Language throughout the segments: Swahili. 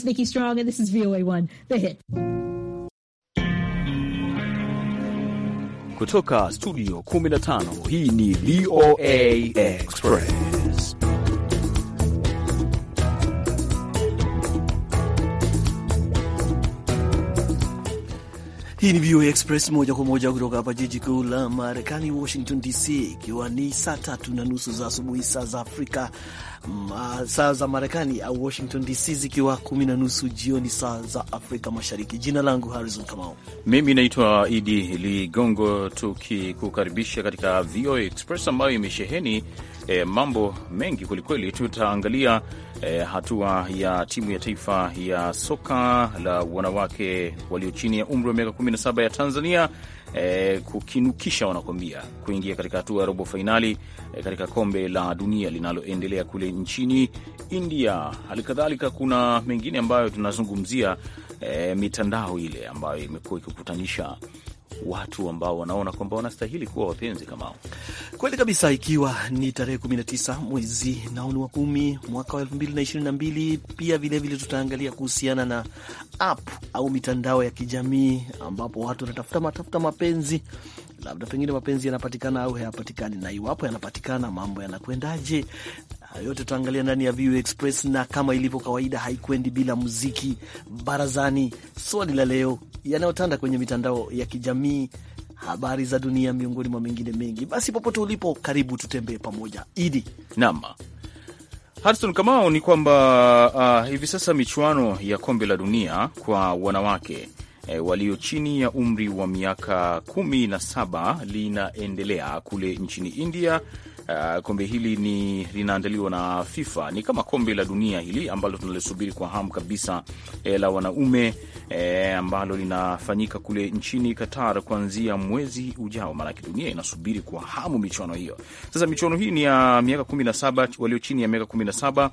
It's Vicky Strong, and this is VOA1, The Hit. Kutoka Studio 15, hii ni VOA Express. Hii ni VOA Express moja kwa moja kutoka hapa jiji kuu la Marekani, Washington DC, ikiwa ni saa tatu na nusu za asubuhi saa za Afrika, saa za Marekani au Washington DC zikiwa kumi na nusu jioni saa za Afrika Mashariki. Jina langu Harrison Kamau, mimi naitwa Idi Ligongo, tukikukaribisha katika VOA Express ambayo imesheheni e, mambo mengi kwelikweli. Tutaangalia e, hatua ya timu ya taifa ya soka la wanawake walio chini ya umri wa miaka 17 ya Tanzania e, kukinukisha wanakwambia kuingia katika hatua ya robo fainali e, katika kombe la dunia linaloendelea kule nchini India. Halikadhalika kuna mengine ambayo tunazungumzia e, mitandao ile ambayo imekuwa ikikutanisha watu ambao wanaona kwamba wanastahili kuwa wapenzi kama hao. Kweli kabisa, ikiwa ni tarehe 19 mwezi naoni wa kumi mwaka wa 2022. Pia vilevile tutaangalia kuhusiana na app au mitandao ya kijamii ambapo watu wanatafuta matafuta mapenzi labda pengine mapenzi yanapatikana au hayapatikani, na iwapo yanapatikana mambo yanakwendaje? Yote tutaangalia ndani ya VU Express, na kama ilivyo kawaida haikwendi bila muziki. Barazani, swali la leo, yanayotanda kwenye mitandao ya kijamii, habari za dunia, miongoni mwa mengine mengi. Basi popote ulipo, karibu tutembee pamoja. Idi nam Harison Kamau, ni kwamba uh, hivi sasa michuano ya kombe la dunia kwa wanawake e, walio chini ya umri wa miaka 17 linaendelea kule nchini India. Uh, kombe hili ni linaandaliwa na FIFA, ni kama kombe la dunia hili ambalo tunalisubiri kwa hamu kabisa, eh, la wanaume eh, ambalo linafanyika kule nchini Qatar kuanzia mwezi ujao, maanake dunia inasubiri kwa hamu michuano hiyo. Sasa michuano hii ni ya miaka 17, walio chini ya miaka 17,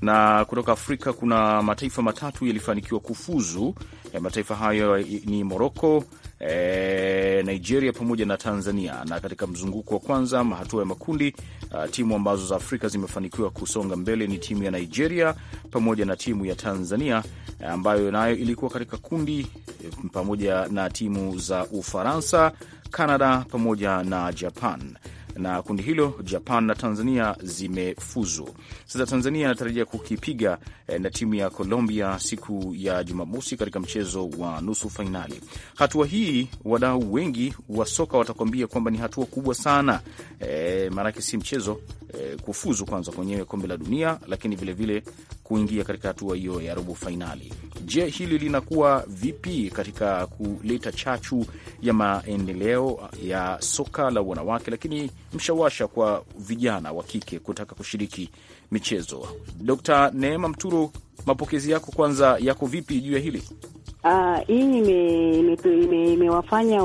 na kutoka Afrika kuna mataifa matatu yalifanikiwa kufuzu Mataifa hayo ni Moroko, e, eh, Nigeria pamoja na Tanzania. Na katika mzunguko wa kwanza hatua ya makundi, ah, timu ambazo za Afrika zimefanikiwa kusonga mbele ni timu ya Nigeria pamoja na timu ya Tanzania eh, ambayo nayo ilikuwa katika kundi eh, pamoja na timu za Ufaransa, Kanada pamoja na Japan na kundi hilo Japan na Tanzania zimefuzu. Sasa Tanzania anatarajia kukipiga eh, na timu ya Colombia siku ya Jumamosi katika mchezo wa nusu fainali. Hatua hii wadau wengi wa soka watakuambia kwamba ni hatua kubwa sana eh, maanake si mchezo Eh, kufuzu kwanza kwenye kombe la dunia, lakini vilevile vile kuingia katika hatua hiyo ya robo fainali. Je, hili linakuwa vipi katika kuleta chachu ya maendeleo ya soka la wanawake, lakini mshawasha kwa vijana wa kike kutaka kushiriki michezo? Dkt Neema mturu mapokezi yako kwanza yako vipi juu ya hili? Ah, hii imewafanya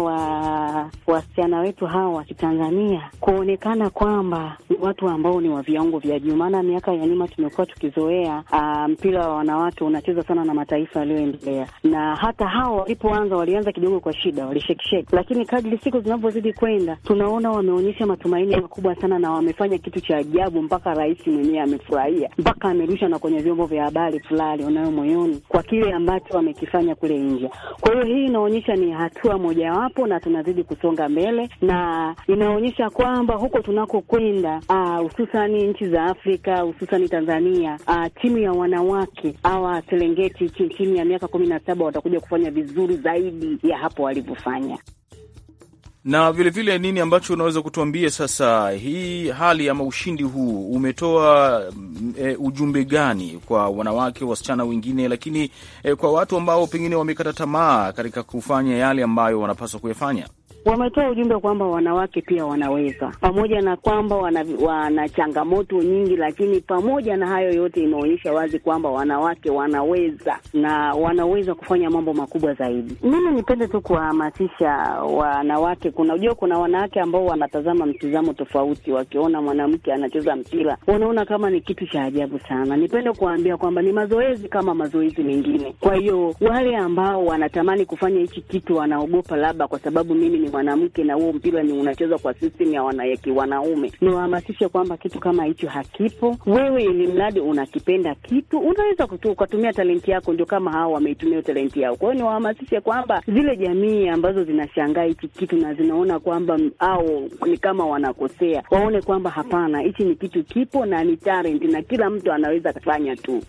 wasichana wetu hawa wa Kitanzania kuonekana kwamba ni watu ambao ni wa viwango vya juu, maana miaka ya nyuma tumekuwa tukizoea ah, mpira wa wanawake unacheza sana na mataifa yaliyoendelea, na hata hao walipoanza walianza kidogo kwa shida, walishekisheki, lakini kadri siku zinavyozidi kwenda, tunaona wameonyesha matumaini makubwa sana na wamefanya kitu cha ajabu, mpaka rais mwenyewe amefurahia, mpaka amerusha na kwenye vyombo vya habari fulani unayo moyoni kwa kile ambacho wamekifanya kule nje. Kwa hiyo hii inaonyesha ni hatua mojawapo, na tunazidi kusonga mbele, na inaonyesha kwamba huko tunakokwenda, ah, hususani nchi za Afrika, hususani Tanzania, ah, timu ya wanawake awa Serengeti chini ya miaka kumi na saba watakuja kufanya vizuri zaidi ya hapo walivyofanya na vilevile vile nini ambacho unaweza kutuambia sasa, hii hali ama ushindi huu umetoa e, ujumbe gani kwa wanawake, wasichana wengine, lakini e, kwa watu ambao pengine wamekata tamaa katika kufanya yale ambayo wanapaswa kuyafanya? wametoa ujumbe kwamba wanawake pia wanaweza, pamoja na kwamba wana, wana changamoto nyingi, lakini pamoja na hayo yote imeonyesha wazi kwamba wanawake wanaweza na wanaweza kufanya mambo makubwa zaidi. Mimi nipende tu kuwahamasisha wanawake. Kuna kuna wanawake ambao wanatazama mtizamo tofauti, wakiona mwanamke anacheza mpira wanaona kama ni kitu cha ajabu sana. Nipende kuwaambia kwamba ni mazoezi kama mazoezi mengine. Kwa hiyo wale ambao wanatamani kufanya hichi kitu wanaogopa labda kwa sababu mimi ni mwanamke na huo mpira ni unachezwa kwa system ya wanayeki wanaume Niwahamasishe kwamba kitu kama hicho hakipo. Wewe ili mradi unakipenda kitu, unaweza ukatumia talenti yako, ndio kama hao wameitumia talenti yao. Kwa hiyo niwahamasishe kwamba zile jamii ambazo zinashangaa hichi kitu na zinaona kwamba au ni kama wanakosea, waone kwamba hapana, hichi ni kitu kipo na ni talent na kila mtu anaweza kufanya tu.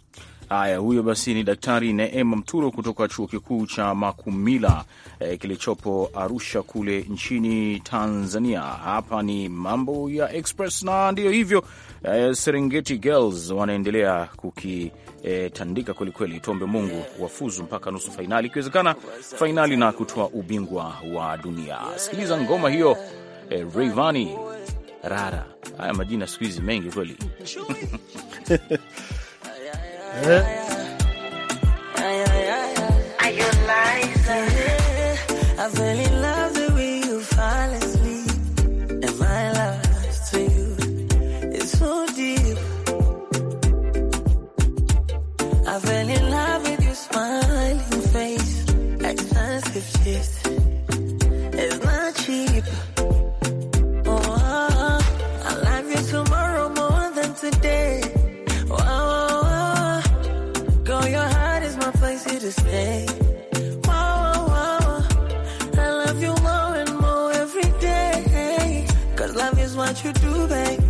Haya, huyo basi ni Daktari Neema Mturo kutoka chuo kikuu cha Makumila eh, kilichopo Arusha kule nchini Tanzania. Hapa ni mambo ya Express na ndiyo hivyo eh, Serengeti Girls wanaendelea kukitandika e, kwelikweli. Tuombe Mungu wafuzu mpaka nusu fainali, ikiwezekana fainali na kutoa ubingwa wa dunia. Sikiliza ngoma hiyo e, Rayvanny Rara. Haya majina siku hizi mengi kweli Yeah. Are you Liza? I really love what you do, babe.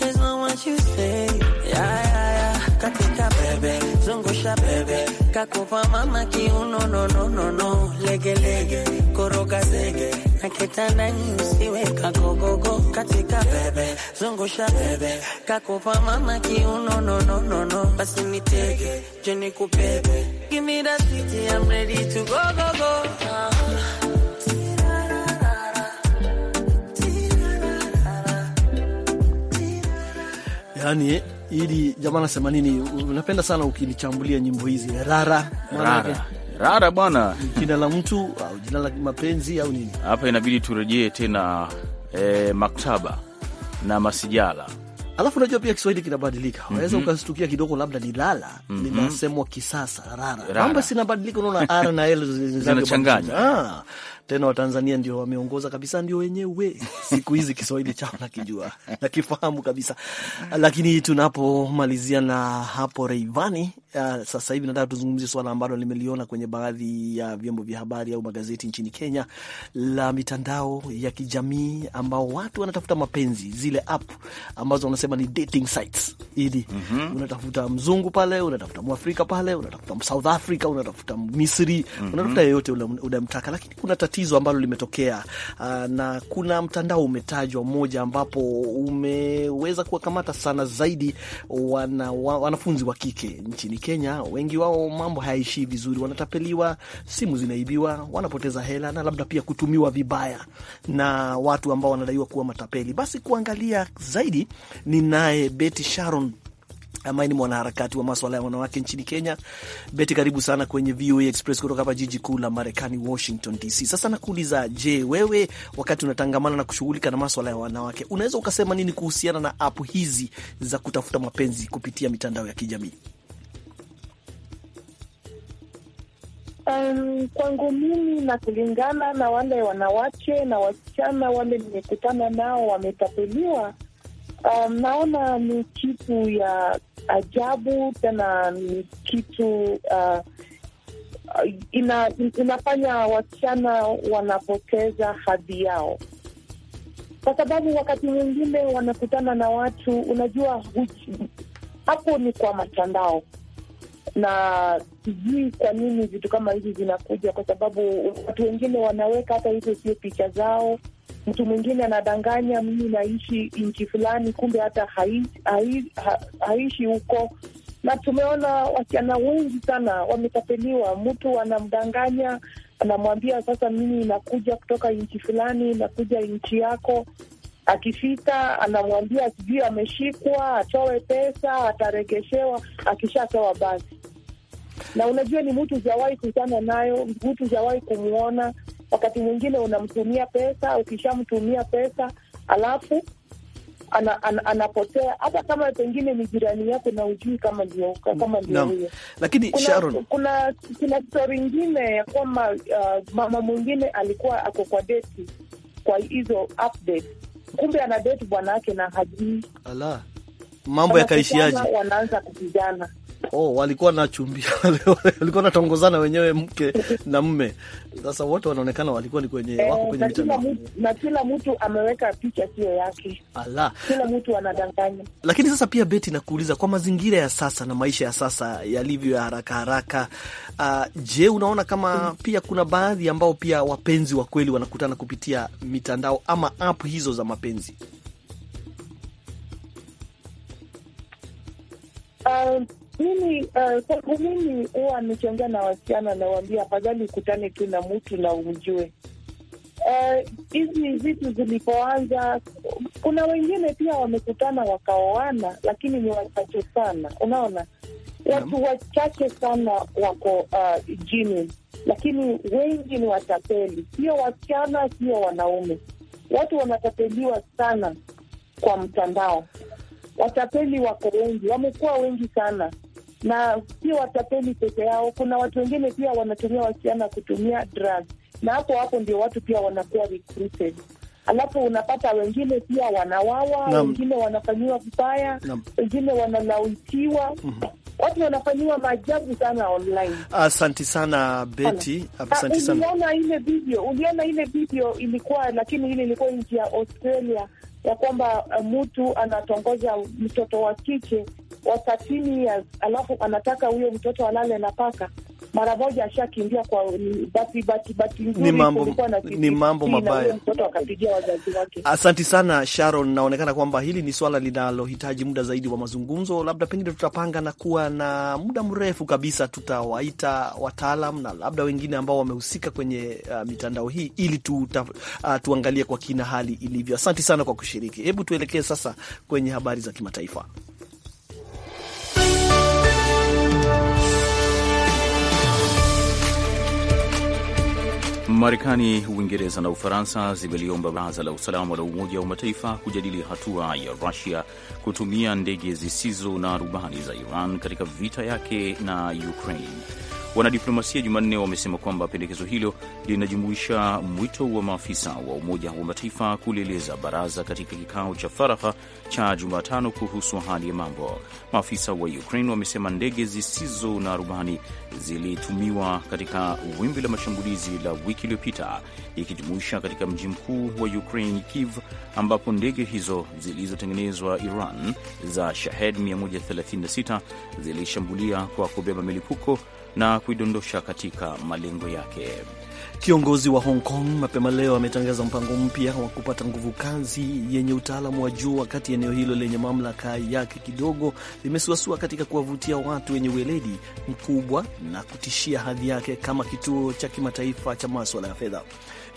It's not what you say. Yeah, yeah, yeah. Katika bebe, zungusha bebe. Kakupa mama kiuno, no, no, no, no. Lege, lege, koroga zege. Na kitandani usiwe kagogogo. Katika bebe, zungusha bebe. Kakupa mama kiuno, no, no, no, no. Basi nitege, jeni kubebe. Give me that sweetie, I'm ready to go, go, go. Uh. yani ili jamaa anasema nini? Unapenda sana ukinichambulia nyimbo hizi rara rara rara bwana, jina la mtu au jina la mapenzi au nini? Hapa inabidi turejee tena e, maktaba na masijala Alafu unajua pia Kiswahili kinabadilika, unaweza mm -hmm. ukastukia kidogo, labda ni lala mm -hmm. linasemwa kisasa rara, rara. mambo sinabadilika, unaona r na l zinachanganya tena Watanzania ndio wameongoza kabisa, ndio wenyewe siku hizi Kiswahili chao nakijua nakifahamu kabisa, lakini tunapomalizia na hapo Reivani uh, sasa hivi nataka tuzungumzie swala ambalo limeliona kwenye baadhi ya vyombo vya habari au magazeti nchini Kenya, la mitandao ya kijamii ambao watu wanatafuta mapenzi, zile app ambazo wanasema ni dating sites, ili mm -hmm. unatafuta mzungu pale, unatafuta mwafrika pale, unatafuta South Africa, unatafuta Misri mm -hmm. unatafuta yeyote unamtaka, lakini kuna tatizo ambalo limetokea uh, na kuna mtandao umetajwa mmoja ambapo umeweza kuwakamata sana zaidi wana, wa, wanafunzi wa kike nchini Kenya, wengi wao mambo hayaishii vizuri, wanatapeliwa, simu zinaibiwa, wanapoteza hela na labda pia kutumiwa vibaya na watu ambao wanadaiwa kuwa matapeli. Basi kuangalia zaidi, ninaye Betty Sharon ambaye ni mwanaharakati wa maswala ya wanawake nchini Kenya. Beti, karibu sana kwenye VOA Express kutoka hapa jiji kuu la Marekani, Washington DC. Sasa nakuuliza, je, wewe wakati unatangamana na kushughulika na maswala ya wanawake, unaweza ukasema nini kuhusiana na apu hizi za kutafuta mapenzi kupitia mitandao ya kijamii? Um, kwangu mimi na kulingana na wale wanawake na wasichana wale nimekutana nao wametapeliwa, um, naona ni kitu ya ajabu tena ni kitu uh, ina, inafanya wasichana wanapoteza hadhi yao, kwa sababu wakati mwingine wanakutana na watu, unajua hapo ni kwa matandao na sijui kwa nini vitu kama hivi vinakuja, kwa sababu watu wengine wanaweka hata hizo sio picha zao. Mtu mwingine anadanganya, mimi naishi nchi fulani, kumbe hata haishi ha, haishi huko. Na tumeona wasichana wengi sana wametapeliwa, mtu anamdanganya, anamwambia sasa, mimi nakuja kutoka nchi fulani, nakuja nchi yako Akifika anamwambia sijui ameshikwa, atoe pesa, ataregeshewa. Akishatoa basi na unajua ni mtu hujawahi kutana nayo, mtu hujawahi kumwona. Wakati mwingine unamtumia pesa, ukishamtumia pesa alafu ana, ana, anapotea hata kama pengine ni jirani yako na ujui kama ndio kama ndio huyo Lakini kuna, Sharon, kuna kuna stori ingine ya kwamba uh, mama mwingine alikuwa ako kwa deti kwa hizo update, kumbe ana deti bwana yake na hajui. Ala, mambo yakaishiaje? Wanaanza kupigana Oh, walikuwa nachumbia walikuwa natongozana wenyewe mke na mme. Sasa wote wanaonekana walikuwa ni kwenye wako kwenye eh, mitandao na kila mtu ameweka picha sio yake. Ala, kila mtu anadanganya. Lakini sasa pia Beti, nakuuliza kwa mazingira ya sasa na maisha ya sasa yalivyo ya haraka haraka, uh, je, unaona kama hmm, pia kuna baadhi ambao pia wapenzi wa kweli wanakutana kupitia mitandao ama app hizo za mapenzi? Um, mimi eh, kwangu uh, mimi huwa nikiongea na wasichana nawambia afadhali ukutane tu na mtu na umjue eh, hizi uh, vitu zilipoanza. Kuna wengine pia wamekutana wakaoana, lakini ni wachache sana. Unaona, watu wachache sana wako uh, jini, lakini wengi ni watapeli, sio wasichana, sio wanaume. Watu wanatapeliwa sana kwa mtandao, watapeli wako wengi, wamekuwa wengi sana na si watapeli peke yao. Kuna watu wengine pia wanatumia wasichana kutumia drugs, na hapo hapo ndio watu pia wanakuwa recruited. Alafu unapata wengine pia wanawawa wengine wanafanyiwa vibaya, wengine wanalawitiwa mm -hmm. Watu wanafanyiwa maajabu sana online. Asanti sana Beti, asanti ah, sana. Uliona ile video, uliona ile video ilikuwa, lakini ile ilikuwa nchi ya Australia ya kwamba eh, mtu anatongoza mtoto wa kike wa 13 alafu anataka huyo mtoto alale na paka mara moja ashakimbia kwa bati bati bati nzuri. Ni mambo, ni mambo mabaya. Mtoto akapigia wazazi wake. Asanti sana Sharon, naonekana kwamba hili ni swala linalohitaji muda zaidi wa mazungumzo, labda pengine tutapanga na kuwa na muda mrefu kabisa, tutawaita wataalam na labda wengine ambao wamehusika kwenye uh, mitandao hii ili tuta, uh, tuangalie kwa kina hali ilivyo. Asanti sana kwa kushiriki. Hebu tuelekee sasa kwenye habari za kimataifa. Marekani, Uingereza na Ufaransa zimeliomba Baraza la Usalama la Umoja wa Mataifa kujadili hatua ya Rusia kutumia ndege zisizo na rubani za Iran katika vita yake na Ukraine. Wanadiplomasia Jumanne wamesema kwamba pendekezo hilo linajumuisha mwito wa maafisa wa Umoja wa Mataifa kulieleza baraza katika kikao cha faragha cha Jumatano kuhusu hali ya mambo. Maafisa wa Ukraine wamesema ndege zisizo na rubani zilitumiwa katika wimbi la mashambulizi la wiki iliyopita, ikijumuisha katika mji mkuu wa Ukraine, Kiev, ambapo ndege hizo zilizotengenezwa Iran za Shahed 136 zilishambulia kwa kubeba milipuko na kuidondosha katika malengo yake. Kiongozi wa Hong Kong mapema leo ametangaza mpango mpya wa kupata nguvu kazi yenye utaalamu wa juu, wakati eneo hilo lenye mamlaka yake kidogo limesuasua katika kuwavutia watu wenye ueledi mkubwa na kutishia hadhi yake kama kituo cha kimataifa cha maswala ya fedha.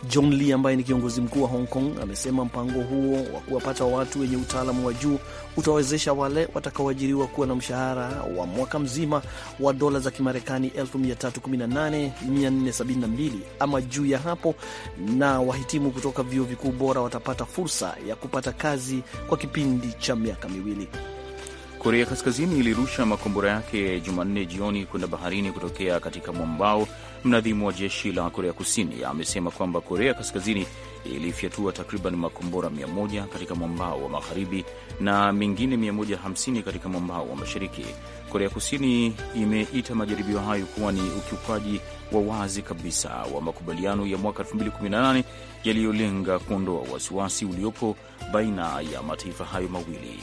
John Lee ambaye ni kiongozi mkuu wa Hong Kong amesema mpango huo wa kuwapata watu wenye utaalamu wa juu utawawezesha wale watakaoajiriwa kuwa na mshahara wa mwaka mzima wa dola za Kimarekani 318,472 ama juu ya hapo, na wahitimu kutoka vyuo vikuu bora watapata fursa ya kupata kazi kwa kipindi cha miaka miwili. Korea Kaskazini ilirusha makombora yake Jumanne jioni kwenda baharini kutokea katika mwambao Mnadhimu wa jeshi la Korea Kusini amesema kwamba Korea Kaskazini ilifyatua takriban makombora 100 katika mwambao wa magharibi na mengine 150 katika mwambao wa mashariki. Korea Kusini imeita majaribio hayo kuwa ni ukiukaji wa wazi kabisa wa makubaliano ya mwaka 2018 yaliyolenga kuondoa wasiwasi uliopo baina ya mataifa hayo mawili.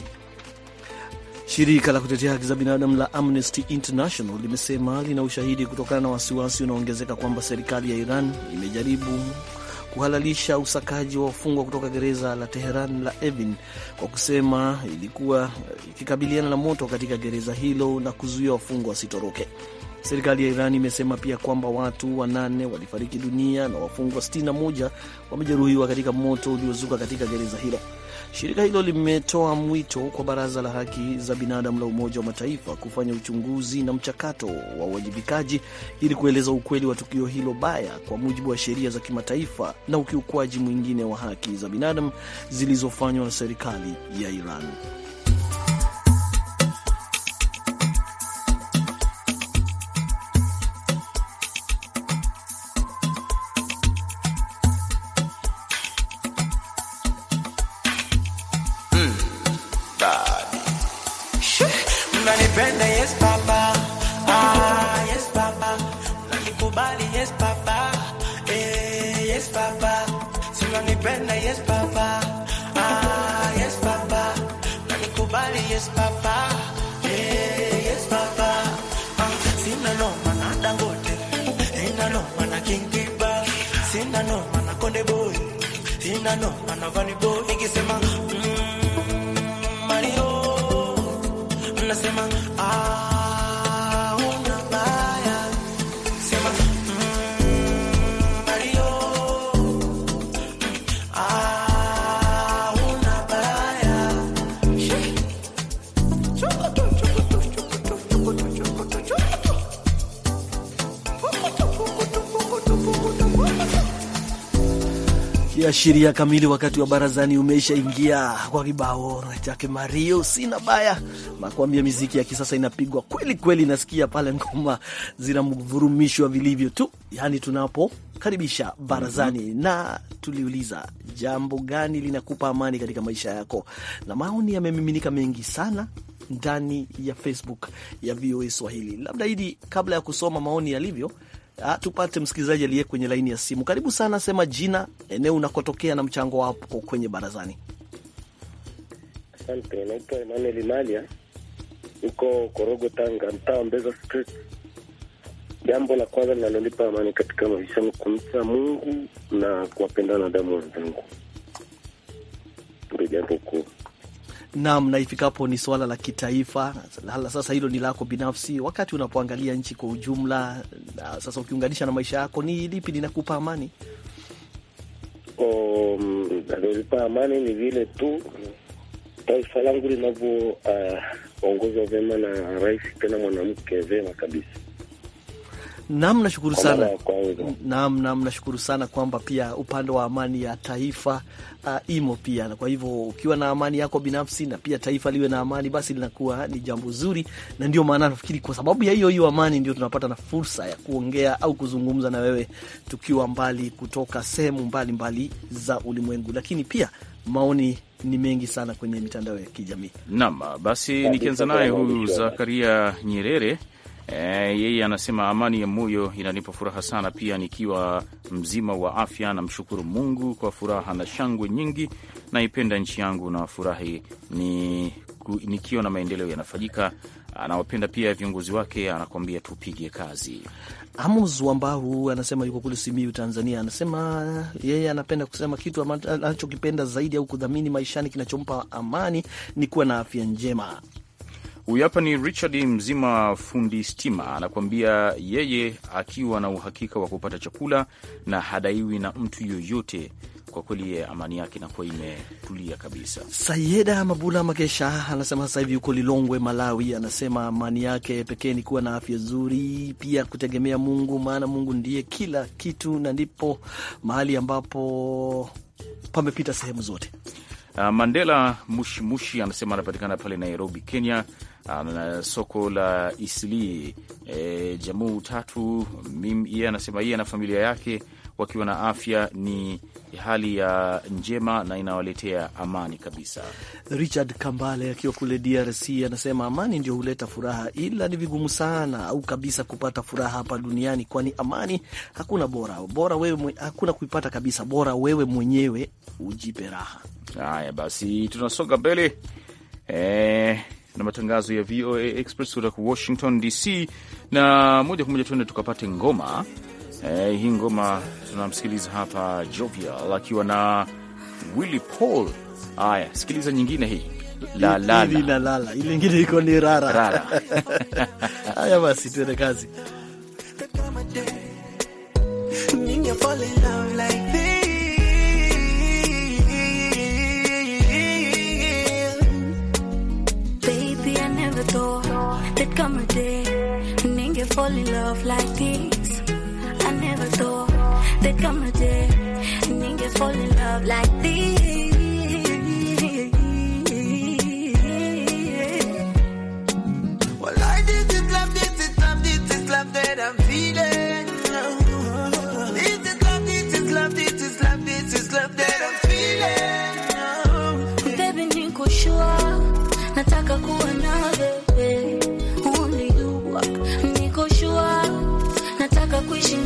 Shirika la kutetea haki za binadamu la Amnesty International limesema lina ushahidi kutokana na wasiwasi unaoongezeka kwamba serikali ya Iran imejaribu kuhalalisha usakaji wa wafungwa kutoka gereza la Teheran la Evin kwa kusema ilikuwa ikikabiliana na moto katika gereza hilo na kuzuia wafungwa wasitoroke. Serikali ya Iran imesema pia kwamba watu wanane walifariki dunia na wafungwa 61 wamejeruhiwa katika moto uliozuka katika gereza hilo. Shirika hilo limetoa mwito kwa Baraza la Haki za Binadamu la Umoja wa Mataifa kufanya uchunguzi na mchakato wa uwajibikaji ili kueleza ukweli wa tukio hilo baya kwa mujibu wa sheria za kimataifa na ukiukwaji mwingine wa haki za binadamu zilizofanywa na serikali ya Iran. kubali, yes papa, eh, yes papa, sio nipenda, yes papa, ah, yes papa, na nikubali, yes papa, eh, yes papa, ah, sina noma na Dangote, sina noma na King Kiba, sina noma na Konde Boy, sina noma na Vanny Boy, nikisema mm, Mario, nasema ah Ukiashiria kamili wakati wa barazani umeshaingia kwa kibao chake Mario, sina baya nakuambia miziki ya kisasa inapigwa kweli kweli, nasikia pale ngoma zinamvurumishwa vilivyo tu, yaani tunapokaribisha barazani mm -hmm. na tuliuliza jambo gani linakupa amani katika maisha yako, na maoni yamemiminika mengi sana ndani ya Facebook ya VOA Swahili. Labda hili kabla ya kusoma maoni yalivyo A, ah, tupate msikilizaji aliye kwenye laini ya simu. Karibu sana, sema jina, eneo unakotokea na mchango wako kwenye barazani. Asante, naitwa Emanuel Malia, niko Korogo, Tanga, mtaa wa Mbeza Street. Jambo la kwanza linalonipa amani katika maisha ni kumcha Mungu na kuwapenda wanadamu wenzangu, ndio jambo kuu. Naam, na ifikapo ni suala la kitaifa. Sasa hilo ni lako binafsi, wakati unapoangalia nchi kwa ujumla, na sasa ukiunganisha na maisha yako, ni lipi linakupa amani? Um, Nalipa amani ni vile tu taifa langu linavyoongozwa uh, vyema na rais, tena mwanamke vyema kabisa Naam, nashukuru sana. Naam, naam, nashukuru sana kwamba pia upande wa amani ya taifa uh, imo pia. Kwa hivyo ukiwa na amani yako binafsi na pia taifa liwe na amani, basi linakuwa ni jambo zuri, na ndio maana nafikiri kwa sababu ya hiyo hiyo amani ndio tunapata na fursa ya kuongea au kuzungumza na wewe tukiwa mbali kutoka sehemu mbalimbali za ulimwengu, lakini pia maoni ni mengi sana kwenye mitandao ya kijamii. Naam, basi nikianza naye huyu Zakaria Nyerere E, yeye anasema amani ya moyo inanipa furaha sana, pia nikiwa mzima wa afya. Namshukuru Mungu kwa furaha na shangwe nyingi. Naipenda nchi yangu na furahi ni, nikiwa na maendeleo yanafanyika. Anawapenda pia viongozi wake, anakuambia tupige kazi. Amos Wambaru anasema yuko kule Simiyu, Tanzania. Anasema yeye anapenda kusema kitu anachokipenda zaidi au kudhamini maishani kinachompa amani ni kuwa na afya njema. Huyu hapa ni Richard Mzima, fundi stima, anakuambia yeye akiwa na uhakika wa kupata chakula na hadaiwi na mtu yoyote. Kwa kweli ye, amani yake inakuwa imetulia kabisa. Sayeda Mabula Makesha anasema sasa hivi yuko Lilongwe, Malawi. Anasema amani yake pekee ni kuwa na afya nzuri, pia kutegemea Mungu, maana Mungu ndiye kila kitu, na ndipo mahali ambapo pamepita sehemu zote. Uh, Mandela Mushimushi anasema anapatikana pale Nairobi, Kenya um, soko la Isli e, Jamuu tatu yeye anasema yeye na familia yake wakiwa na afya ni hali ya njema na inawaletea amani kabisa. Richard Kambale akiwa kule DRC anasema amani ndio huleta furaha, ila ni vigumu sana au kabisa kupata furaha hapa duniani, kwani amani hakuna bora bora wewe, hakuna kuipata kabisa, bora wewe mwenyewe ujipe raha. Haya basi, tunasonga mbele eh na matangazo ya VOA Express kutoka Washington DC, na moja kwa moja tuende tukapate ngoma. Eh, hii ngoma tunamsikiliza hapa Jovial akiwa na Willy Paul. Haya, sikiliza nyingine hii la la la, ile nyingine iko ni rara rara. Haya basi tuende kazi. know there'd come a day then you fall in love like this. I never thought there'd come a day then you fall in love like this.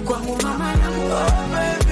kwa mama yangu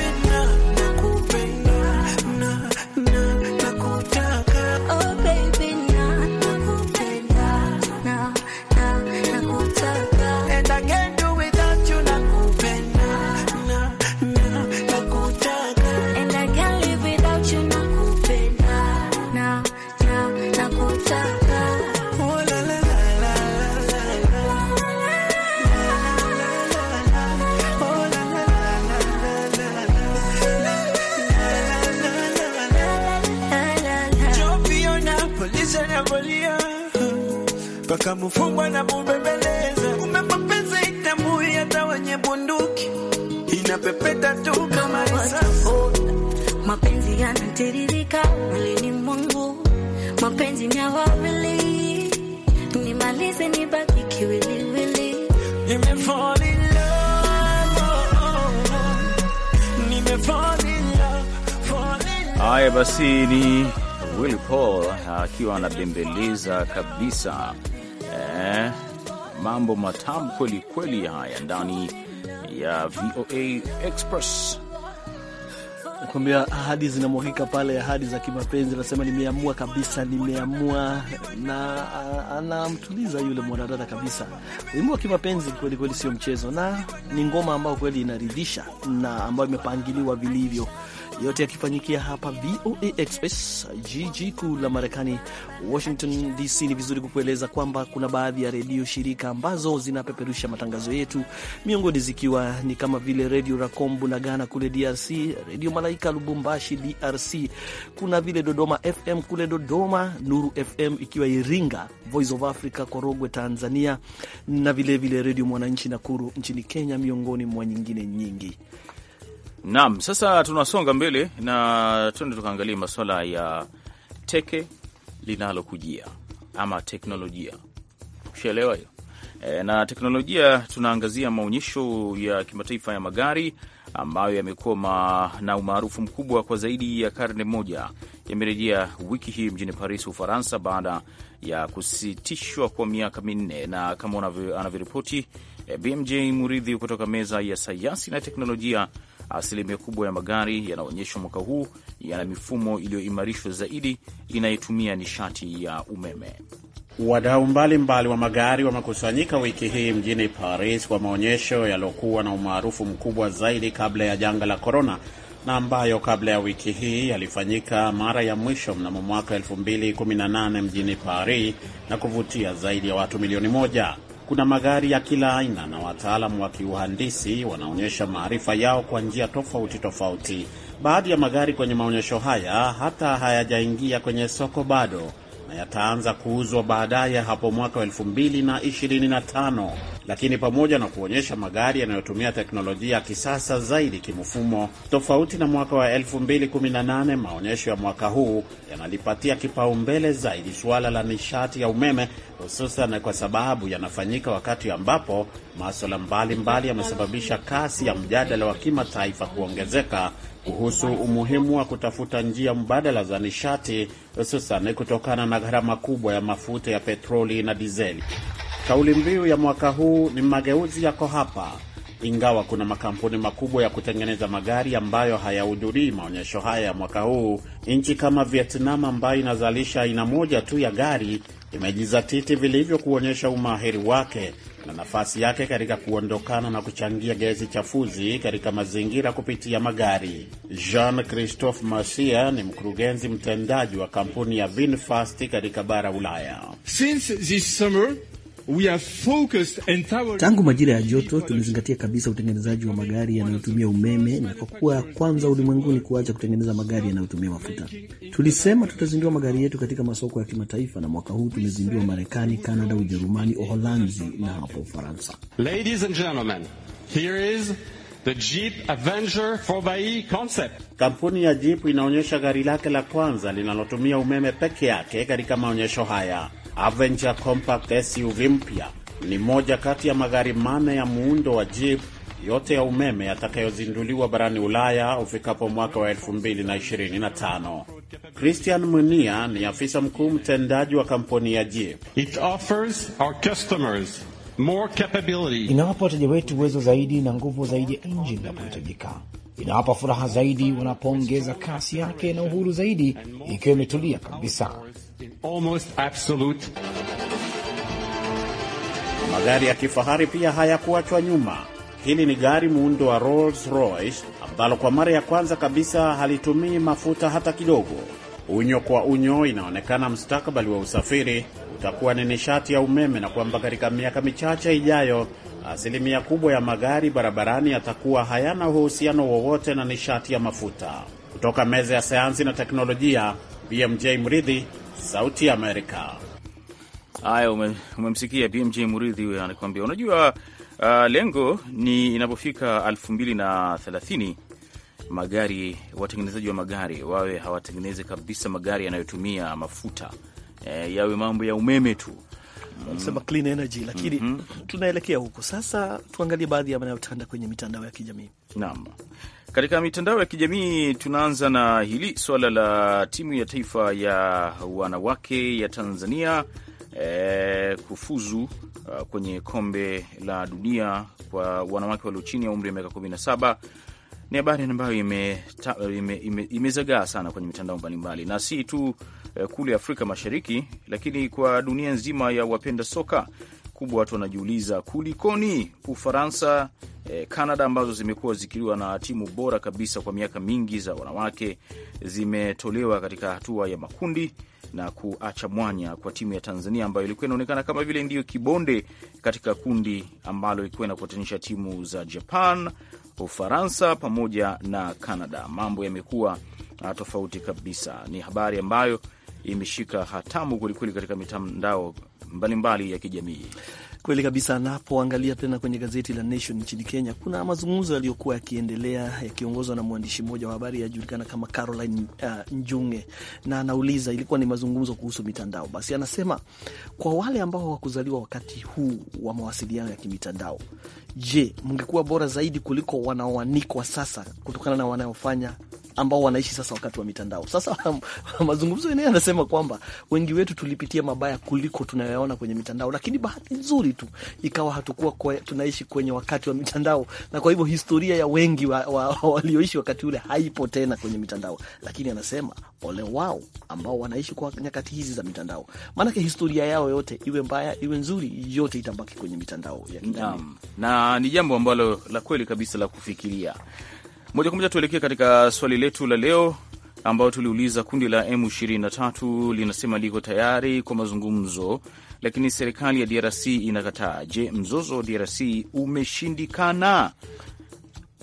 Haya basi, ni Willy Paul ah, akiwa anabembeleza kabisa eh, mambo matamu kweli kweli, haya ndani ya VOA Express kuambia ahadi zinamwagika pale, ahadi za kimapenzi. Anasema nimeamua kabisa, nimeamua, na ah, anamtuliza yule mwanadada kabisa. Wimbo wa kimapenzi kweli kweli sio mchezo, na ni ngoma ambayo kweli inaridhisha na ambayo imepangiliwa vilivyo yote yakifanyikia hapa VOA Express, jiji kuu la Marekani, Washington DC. Ni vizuri kukueleza kwamba kuna baadhi ya redio shirika ambazo zinapeperusha matangazo yetu, miongoni zikiwa ni kama vile Redio Rakombu na ghana kule DRC, Redio Malaika Lubumbashi DRC, kuna vile Dodoma FM kule Dodoma, Nuru FM ikiwa Iringa, Voice of Africa Korogwe Tanzania, na vilevile Redio Mwananchi Nakuru nchini Kenya, miongoni mwa nyingine nyingi. Naam, sasa tunasonga mbele na tuende tukaangalia masuala ya teke linalokujia ama teknolojia. Ushaelewa hiyo? E, na teknolojia tunaangazia maonyesho ya kimataifa ya magari ambayo yamekuwa na umaarufu mkubwa kwa zaidi ya karne moja yamerejea wiki hii mjini Paris, Ufaransa, baada ya kusitishwa kwa miaka minne. Na kama anavyoripoti e, BMJ Muridhi kutoka meza ya sayansi na teknolojia Asilimia kubwa ya magari yanaonyeshwa mwaka huu yana mifumo iliyoimarishwa zaidi inayotumia nishati ya umeme. Wadau mbalimbali wa magari wamekusanyika wiki hii mjini Paris kwa maonyesho yaliyokuwa na umaarufu mkubwa zaidi kabla ya janga la korona na ambayo kabla ya wiki hii yalifanyika mara ya mwisho mnamo mwaka 2018 mjini Paris na kuvutia zaidi ya watu milioni moja. Kuna magari ya kila aina na wataalamu wa kiuhandisi wanaonyesha maarifa yao kwa njia tofauti tofauti. Baadhi ya magari kwenye maonyesho haya hata hayajaingia kwenye soko bado na yataanza kuuzwa baadaye hapo mwaka wa lakini pamoja na kuonyesha magari yanayotumia teknolojia ya kisasa zaidi kimfumo, tofauti na mwaka wa 2018, maonyesho ya mwaka huu yanalipatia kipaumbele zaidi suala la nishati ya umeme, hususan kwa sababu yanafanyika wakati ambapo maswala mbalimbali yamesababisha kasi ya mjadala wa kimataifa kuongezeka kuhusu umuhimu wa kutafuta njia mbadala za nishati, hususan kutokana na gharama kubwa ya mafuta ya petroli na dizeli. Kauli mbiu ya mwaka huu ni mageuzi yako hapa, ingawa kuna makampuni makubwa ya kutengeneza magari ambayo hayahudhurii maonyesho haya ya mwaka huu. Nchi kama Vietnam ambayo inazalisha aina moja tu ya gari imejizatiti vilivyo kuonyesha umahiri wake na nafasi yake katika kuondokana na kuchangia gesi chafuzi katika mazingira kupitia magari. Jean Christophe Marcia ni mkurugenzi mtendaji wa kampuni ya VinFast katika bara Ulaya. Since this summer, Tangu majira ya joto tumezingatia kabisa utengenezaji wa magari yanayotumia umeme na kwa kuwa ya kwanza ulimwenguni kuacha kutengeneza magari yanayotumia mafuta. Tulisema tutazindua magari yetu katika masoko ya kimataifa na mwaka huu tumezindua Marekani, Kanada, Ujerumani, Uholanzi na hapo Ufaransa. Ladies and gentlemen, here is The Jeep Avenger 4x e concept. Kampuni ya Jeep inaonyesha gari lake la kwanza linalotumia umeme peke yake katika maonyesho haya. Avenger Compact SUV mpya ni moja kati ya magari mane ya muundo wa Jeep yote ya umeme yatakayozinduliwa barani Ulaya ufikapo mwaka wa 2025. Christian Munia ni afisa mkuu mtendaji wa kampuni ya Jeep. It offers our customers inawapa wateja wetu uwezo zaidi na nguvu zaidi ya injini inapohitajika. Inawapa furaha zaidi wanapoongeza kasi yake na uhuru zaidi, ikiwa imetulia kabisa. Magari ya kifahari pia hayakuachwa nyuma. Hili ni gari muundo wa Rolls Royce ambalo kwa mara ya kwanza kabisa halitumii mafuta hata kidogo. Unyo kwa unyo inaonekana mstakabali wa usafiri utakuwa ni nishati ya umeme na kwamba katika miaka michache ijayo asilimia kubwa ya magari barabarani yatakuwa hayana uhusiano wowote na nishati ya mafuta. Kutoka meza ya sayansi na teknolojia, BMJ Mridhi, Sauti ya Amerika. Haya, umemsikia BMJ Mridhi huyo anakuambia. Unajua uh, lengo ni inapofika elfu mbili na thelathini magari, watengenezaji wa magari wawe hawatengenezi kabisa magari yanayotumia mafuta eh, yawe mambo ya umeme tu mm. clean energy lakini mm -hmm. tunaelekea huko sasa. Tuangalie baadhi ya yanayotanda kwenye mitandao ya kijamii naam. Katika mitandao ya kijamii tunaanza na hili suala la timu ya taifa ya wanawake ya Tanzania eh, kufuzu uh, kwenye kombe la dunia kwa wanawake walio chini ya umri wa miaka 17 ni habari ambayo imezagaa ime, ime, ime sana kwenye mitandao mbalimbali na si tu Eh, kule Afrika Mashariki, lakini kwa dunia nzima ya wapenda soka kubwa. Watu wanajiuliza kulikoni Ufaransa, Kanada eh, ambazo zimekuwa zikiliwa na timu bora kabisa kwa miaka mingi za wanawake zimetolewa katika hatua ya makundi na kuacha mwanya kwa timu ya Tanzania ambayo ilikuwa inaonekana kama vile ndiyo kibonde katika kundi ambalo ilikuwa inakutanisha timu za Japan, Ufaransa pamoja na Kanada. Mambo yamekuwa Ah, tofauti kabisa. Ni habari ambayo imeshika hatamu kwelikweli katika mitandao mbalimbali ya kijamii. Kweli kabisa. Anapoangalia tena kwenye gazeti la Nation nchini Kenya, kuna mazungumzo yaliyokuwa yakiendelea yakiongozwa na mwandishi mmoja wa habari yajulikana kama Caroline uh, Njunge, na anauliza, ilikuwa ni mazungumzo kuhusu mitandao. Basi anasema kwa wale ambao hawakuzaliwa wakati huu wa mawasiliano ya kimitandao, je, mngekuwa bora zaidi kuliko wanaoanikwa sasa kutokana na wanayofanya ambao wanaishi sasa wakati wa mitandao. Sasa mazungumzo yenyewe yanasema kwamba wengi wetu tulipitia mabaya kuliko tunayoyaona kwenye mitandao, lakini bahati nzuri tu ikawa hatukuwa kwe, tunaishi kwenye wakati wa mitandao, na kwa hivyo historia ya wengi walioishi wa, wa, wakati ule haipo tena kwenye mitandao, lakini anasema ole wao ambao wanaishi kwa nyakati hizi za mitandao, maanake historia yao yote iwe mbaya iwe nzuri, yote itabaki kwenye mitandao ya kijamii, na, na ni jambo ambalo la kweli kabisa la kufikiria. Moja kwa moja tuelekee katika swali letu la leo ambayo tuliuliza, kundi la M23 linasema liko tayari kwa mazungumzo, lakini serikali ya DRC inakataa. Je, mzozo wa DRC umeshindikana?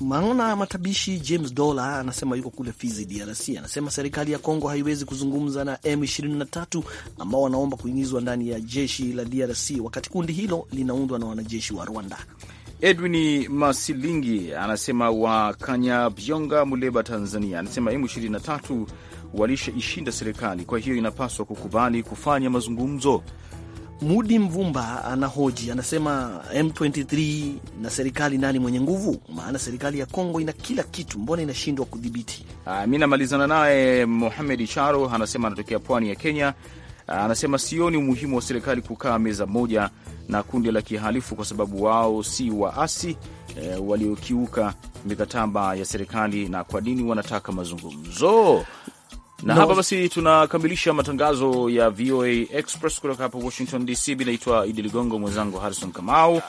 Maona matabishi James Dola anasema yuko kule Fizi, DRC. Anasema serikali ya Kongo haiwezi kuzungumza na M23 ambao wanaomba kuingizwa ndani ya jeshi la DRC wakati kundi hilo linaundwa na wanajeshi wa Rwanda. Edwin Masilingi anasema wa Kanyabyonga, Muleba, Tanzania, anasema M23 walishaishinda serikali, kwa hiyo inapaswa kukubali kufanya mazungumzo. Mudi Mvumba anahoji, anasema M23 na serikali, nani mwenye nguvu? Maana serikali ya Kongo ina kila kitu, mbona inashindwa kudhibiti? Ah, mi namalizana naye Mohamed Charo anasema anatokea pwani ya Kenya. Ah, anasema sioni umuhimu wa serikali kukaa meza moja na kundi la kihalifu kwa sababu wao si waasi e, waliokiuka mikataba ya serikali, na kwa nini wanataka mazungumzo? Na no. Hapa basi tunakamilisha matangazo ya VOA Express kutoka hapa Washington DC. Binaitwa Idi Ligongo, mwenzangu Harrison Kamau.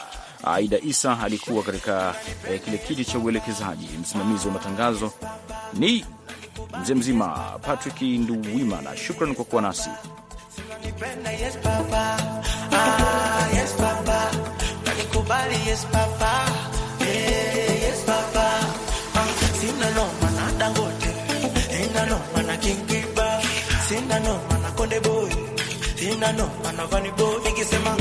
Aida Isa alikuwa katika eh, kile kiti cha uelekezaji. Msimamizi wa matangazo ni mzee mzima Patrick Nduwimana. Shukran kwa kuwa nasi. Ah, eh, ah, sina no mana konde boy, sina no mana vani boy, nikisema